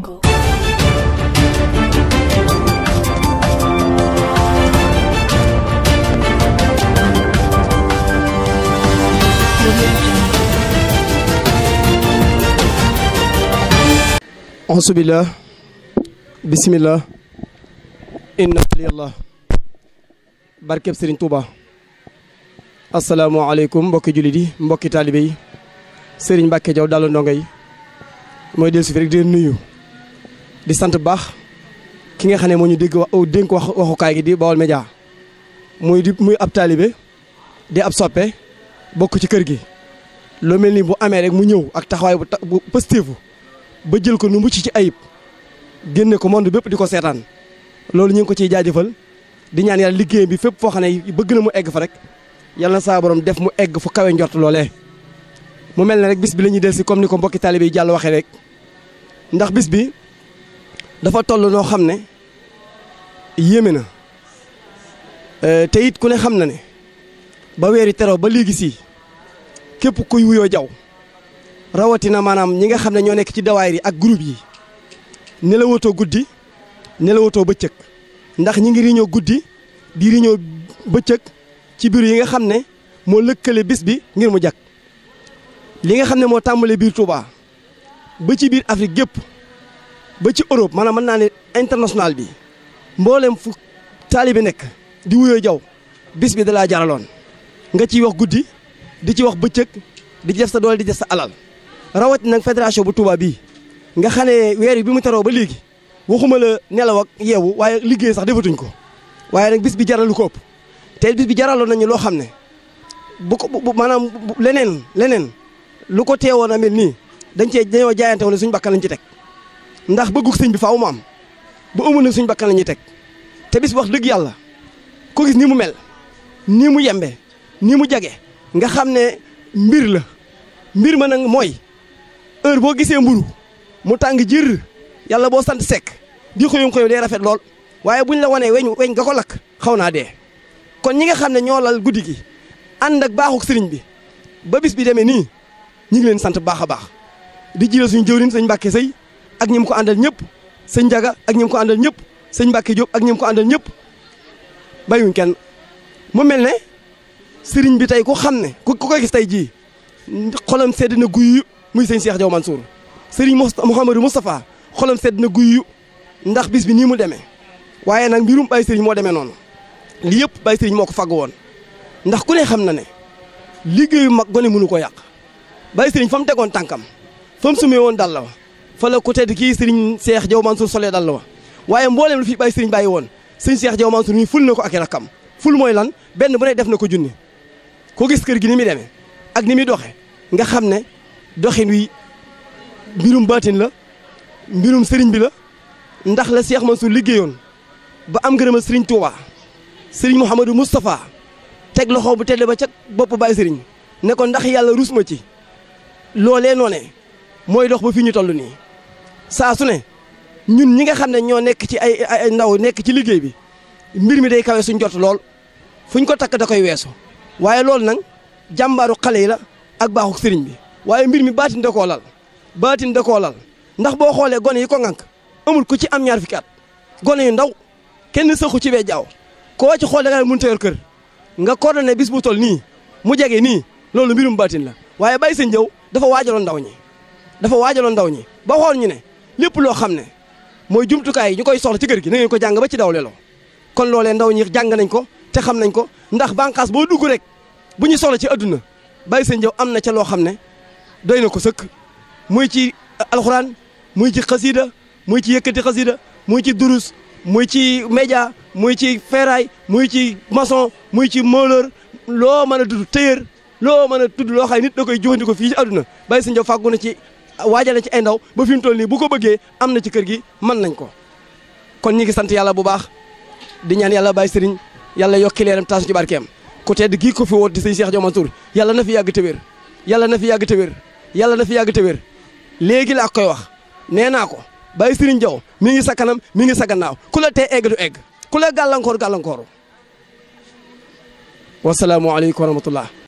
Jungle. Auzubillah bismillah inna waliyallah barkeb Serigne Touba asalaamaaleykum mbokki jullit yi mbokki taalibe yi Serigne Mbacke daal ndongo yi mooy dellu si fi rek nuyu di sant baax ki nga xam ne moo ñu dégg wax dénk wax waxukaay gi di Baol Média muy di muy ab taalibe di ab soppe bokk ci kër gi loo mel ni bu amee rek mu ñëw ak taxawaay bu ta bu pëstéefu ba jël ko nu mucc ci ayib génne ko monde bépp di ko seetaan loolu ñu ngi ko ciy jaajëfal di ñaan yàlla liggéeyam bi fépp foo xam ne bëgg na mu egg fa rek yalla na saa def mu egg fu kawe njort loole mu mel ne rek bis bi la ñuy del si comme ni ko mbokki taalibe yi jàll waxee rek bis bi. dafa toll noo xam ne yéeme na eh, te it ku ne xam na ne ba weeri teroo ba léegi sii képp kuy wuyoo jaw rawatina maanaam ñi nga xam ne ñoo nekk ci dawaay yi ak groupe yi nelawatoo guddi nelawatoo bëccëg ndax ñi ngi riñoo guddi di riñoo bëccëg ci biir yi nga xam ne moo lëkkale bis bi ngir mu jag li nga xam ne moo tàmbalee biir Touba ba ci biir Afrique gépp ba ci Europe maanaam mën naa ne international bi mboolem fu taalibe nekk di wuyoo jaw bis bi dalaa jaraloon nga ciy wax guddi di ci wax bëccëg di jef sa doole di def sa alal rawati nag fédération bu Touba bii nga xam ne weer yi bi mu teroo ba léegi waxuma la nelaw ak yeewu waaye liggéey sax defatuñ ko waaye nag bis bi jaralu ko te bis jaraloon nañu loo xam ne bu ko maanaam leneen leneen lu ko teewoon a mel nii dañ cee dañoo jaayante woon suñu bakkan lañ ci teg ndax bëggu sëñ bi faaw mu am bu amul nag suñu bakkan la ñuy teg te bis wax dëgg yàlla ko gis ni mu mel nii mu yembe ni mu jage nga xam ne mbir la mbir ma nag mooy heure boo gisee mburu mu tàng jër yàlla boo sant sek di xoyum xoyum day rafet lool waaye buñ la wanee weñ weñ nga ko lakk xaw naa dee kon ñi nga xam ne ñoolal lal guddi gi ànd ak baaxuk sëriñ bi ba bis bi demee nii ñu leen sant baax a baax di jiital suñu jëwriñ sëñ Mbàkke Sëy ak ñi mu ko àndal ñëpp sëñ Njaga ak ñi mu ko àndal ñëpp sëñ Mbàkke ak ñi ko àndal ñëpp bayuñ kenn mu mel ne sëriñ bi tey ku xam ne ku ko gis tey jii xolam sedd na guyu muy sëñ Cheikh Diaw Mansour sëriñ Mouhamadou Moustapha xolam sedd na guyy ndax bis bi nii mu demee waaye nag mbirum bàyyi sëriñ moo demee noonu li yëpp bàyyi sëriñ moo ko fag woon ndax ku ne xam na ne liggéeyu mag gone mënu ko yàq bàyyi sëriñ fa mu tegoon tànkam fa mu sumee woon dàll wa fa la ko tedd kii sëriñ Cheikh Diaw Mansour solee dal ma waaye mbooleem lu fi bàyyi sëriñ bàyyi woon sëriñ Cheikh Diaw Mansour mii ful na ko ak rakkam ful mooy lan benn bu ne def na ko junni ko gis kër gi ni muy demee ak ni muy doxe nga xam ne doxin wi mbirum baatin la mbirum sëriñ bi la ndax la Cheikh Mansour liggéeyoon ba am gërëmal sëriñ Touba sëriñ Mouhamadou Moustapha teg loxo bu tedd ba ca bopp bàyyi sëriñ ne ko ndax yàlla rus ma ci loolee noonee mooy dox ba fi ñu toll nii saa su ne ñun ñi nga xam ne ñoo nekk ci ay ay nekk ci liggéey bi mbir mi day kawe suñ jot lool fuñ ko takk da koy weesu waaye loolu nag jàmbaaru xale yi la ak baaxu sëriñ bi waaye mbir mi baatin da koo lal baatin da ndax boo xoolee gone yi ko ŋànk amul ku ci am ñaar fukki at gone yu ndaw kenn sëqu ci bee jaaw koo ci xool da nga mën kër nga coordonné bis bu tol nii mu jege nii loolu mbirum baatin la waaye bay sa njëw dafa waajaloo ndaw ñi dafa waajaloo ndaw ñi ba xool ñu ne lépp loo xam ne mooy jumtukaay yi ñu koy soxla ci kër gi na ngeen ko jàng ba ci daw lelo kon loolee ndaw ñi jàng nañ ko te xam nañ ko ndax bànqaas boo dugg rek bu ñu soxla ci adduna bay seen jëw am na ca loo xam ne doy na ko sëkk muy ci alxuraan muy ci xasiida muy ci yëkkati xasiida muy ci durus muy ci média muy ci ferraille muy ci mason muy ci mooleur loo mën a tudd téyër loo man a tudd loo xam ne nit da koy jëfandikoo fii ci adduna bàyyi seen jëw na ci waaja waajale ci ay ndaw ba fi mu toll nii bu ko bëggee am na ci kër gi mën nañ ko kon ñi ngi sant yàlla bu baax di ñaan yàlla bàyyi sëriñ yàlla yokki leeram taasu ci barkeem ku tedd kii ko fi woot di sëñ Cheikh Dioma Tour yàlla na fi yàgg te wér yàlla na fi yàgg te wér yàlla na fi yàgg te wér léegi laa koy wax nee naa ko bàyyi sëriñ Jaw mi ngi sa kanam mi ngi sa gannaaw ku la te egg du egg ku la gàllankoor gàllankooru wasalaamu aleykum wa